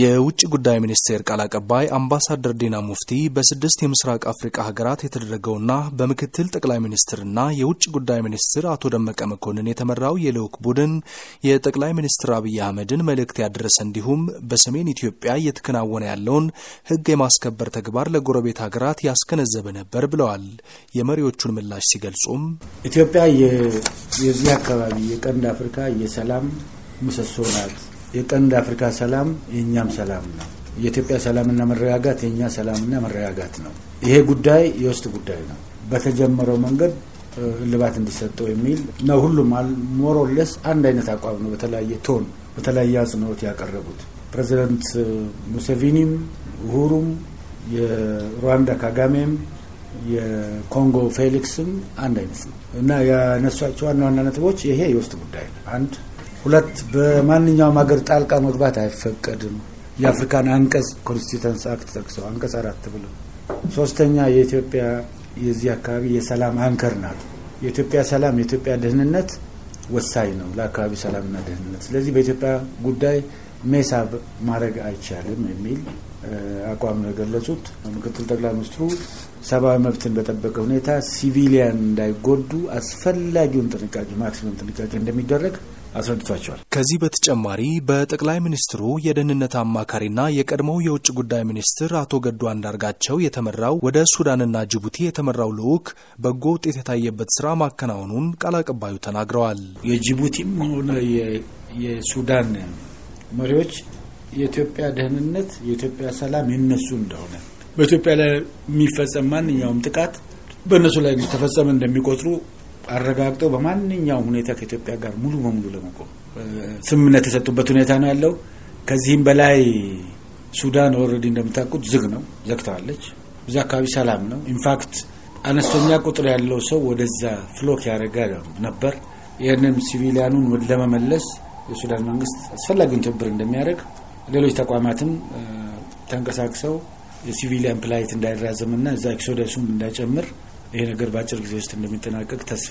የውጭ ጉዳይ ሚኒስቴር ቃል አቀባይ አምባሳደር ዲና ሙፍቲ በስድስት የምስራቅ አፍሪቃ ሀገራት የተደረገውና በምክትል ጠቅላይ ሚኒስትርና የውጭ ጉዳይ ሚኒስትር አቶ ደመቀ መኮንን የተመራው የልዑክ ቡድን የጠቅላይ ሚኒስትር አብይ አህመድን መልእክት ያደረሰ እንዲሁም በሰሜን ኢትዮጵያ እየተከናወነ ያለውን ሕግ የማስከበር ተግባር ለጎረቤት ሀገራት ያስገነዘበ ነበር ብለዋል። የመሪዎቹን ምላሽ ሲገልጹም ኢትዮጵያ የዚህ አካባቢ የቀንድ አፍሪካ የሰላም ምሰሶ ናት የቀንድ አፍሪካ ሰላም የእኛም ሰላም ነው። የኢትዮጵያ ሰላምና መረጋጋት የእኛ ሰላምና መረጋጋት ነው። ይሄ ጉዳይ የውስጥ ጉዳይ ነው። በተጀመረው መንገድ እልባት እንዲሰጠው የሚል ነው። ሁሉም ሞሮለስ አንድ አይነት አቋም ነው። በተለያየ ቶን፣ በተለያየ አጽንኦት ያቀረቡት ፕሬዚደንት ሙሴቪኒም ኡሁሩም፣ የሩዋንዳ ካጋሜም፣ የኮንጎ ፌሊክስም አንድ አይነት ነው እና ያነሷቸው ዋና ዋና ነጥቦች ይሄ የውስጥ ጉዳይ ነው። አንድ ሁለት በማንኛውም ሀገር ጣልቃ መግባት አይፈቀድም። የአፍሪካን አንቀጽ ኮንስቲተንስ አክት ጠቅሰው አንቀጽ አራት ብለው። ሶስተኛ የኢትዮጵያ የዚህ አካባቢ የሰላም አንከር ናት። የኢትዮጵያ ሰላም፣ የኢትዮጵያ ደህንነት ወሳኝ ነው ለአካባቢ ሰላምና ደህንነት። ስለዚህ በኢትዮጵያ ጉዳይ ሜሳ ማድረግ አይቻልም የሚል አቋም ነው የገለጹት። ምክትል ጠቅላይ ሚኒስትሩ ሰብአዊ መብትን በጠበቀ ሁኔታ ሲቪሊያን እንዳይጎዱ አስፈላጊውን ጥንቃቄ ማክሲመም ጥንቃቄ እንደሚደረግ አስረድቷቸዋል። ከዚህ በተጨማሪ በጠቅላይ ሚኒስትሩ የደህንነት አማካሪና የቀድሞው የውጭ ጉዳይ ሚኒስትር አቶ ገዱ አንዳርጋቸው የተመራው ወደ ሱዳንና ጅቡቲ የተመራው ልዑክ በጎ ውጤት የታየበት ስራ ማከናወኑን ቃል አቀባዩ ተናግረዋል። የጅቡቲም ሆነ የሱዳን መሪዎች የኢትዮጵያ ደህንነት፣ የኢትዮጵያ ሰላም የነሱ እንደሆነ በኢትዮጵያ ላይ የሚፈጸም ማንኛውም ጥቃት በእነሱ ላይ ተፈጸመ እንደሚቆጥሩ አረጋግጠው በማንኛውም ሁኔታ ከኢትዮጵያ ጋር ሙሉ በሙሉ ለመቆም ስምምነት የሰጡበት ሁኔታ ነው ያለው። ከዚህም በላይ ሱዳን ኦልሬዲ እንደምታውቁት ዝግ ነው፣ ዘግተዋለች። እዛ አካባቢ ሰላም ነው። ኢንፋክት አነስተኛ ቁጥር ያለው ሰው ወደዛ ፍሎክ ያደረገ ነበር። ይህንም ሲቪሊያኑን ለመመለስ የሱዳን መንግስት አስፈላጊውን ትብብር እንደሚያደርግ ሌሎች ተቋማትም ተንቀሳቅሰው የሲቪሊያን ፕላይት እንዳይራዘምና እዛ ኤክሶደሱም እንዳይጨምር ይሄ ነገር በአጭር ጊዜ ውስጥ እንደሚጠናቀቅ ተስፋ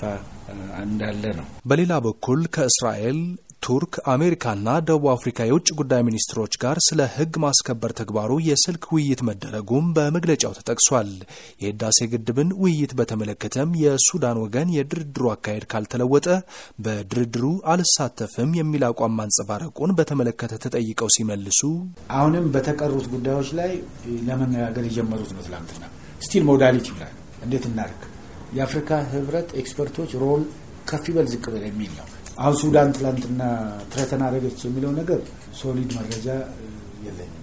እንዳለ ነው። በሌላ በኩል ከእስራኤል ቱርክ፣ አሜሪካና ደቡብ አፍሪካ የውጭ ጉዳይ ሚኒስትሮች ጋር ስለ ሕግ ማስከበር ተግባሩ የስልክ ውይይት መደረጉም በመግለጫው ተጠቅሷል። የህዳሴ ግድብን ውይይት በተመለከተም የሱዳን ወገን የድርድሩ አካሄድ ካልተለወጠ በድርድሩ አልሳተፍም የሚል አቋም ማንጸባረቁን በተመለከተ ተጠይቀው ሲመልሱ አሁንም በተቀሩት ጉዳዮች ላይ ለመነጋገር የጀመሩት ነው። ትላንትና ስቲል ሞዳሊቲ ይላል። እንዴት እናርግ የአፍሪካ ህብረት ኤክስፐርቶች ሮል ከፍ ይበል ዝቅ በል የሚል ነው አሁን ሱዳን ትላንትና ትረተና አረገች የሚለው ነገር ሶሊድ መረጃ የለኝም።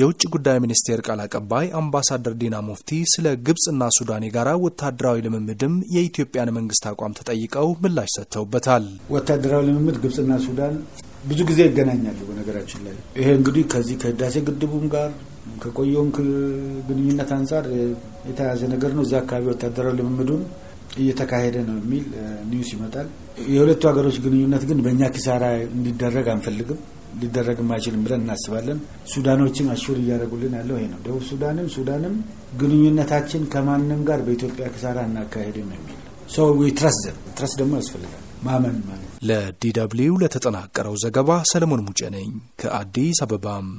የውጭ ጉዳይ ሚኒስቴር ቃል አቀባይ አምባሳደር ዲና ሙፍቲ ስለ ግብፅና ሱዳን የጋራ ወታደራዊ ልምምድም የኢትዮጵያን መንግስት አቋም ተጠይቀው ምላሽ ሰጥተውበታል። ወታደራዊ ልምምድ ግብፅና ሱዳን ብዙ ጊዜ ይገናኛሉ። በነገራችን ላይ ይሄ እንግዲህ ከዚህ ከህዳሴ ግድቡም ጋር ከቆየውም ግንኙነት አንጻር የተያዘ ነገር ነው። እዚያ አካባቢ ወታደራዊ ልምምዱን እየተካሄደ ነው የሚል ኒውስ ይመጣል። የሁለቱ ሀገሮች ግንኙነት ግን በእኛ ኪሳራ እንዲደረግ አንፈልግም፣ ሊደረግም አይችልም ብለን እናስባለን። ሱዳኖችን አሹር እያደረጉልን ያለው ይሄ ነው። ደቡብ ሱዳንም ሱዳንም ግንኙነታችን ከማንም ጋር በኢትዮጵያ ኪሳራ እናካሄድም የሚል ሰው ትረስ ትረስ ደግሞ ያስፈልጋል ማመን ማለት ለዲ ደብልዩ ለተጠናቀረው ዘገባ ሰለሞን ሙጬ ነኝ ከአዲስ አበባም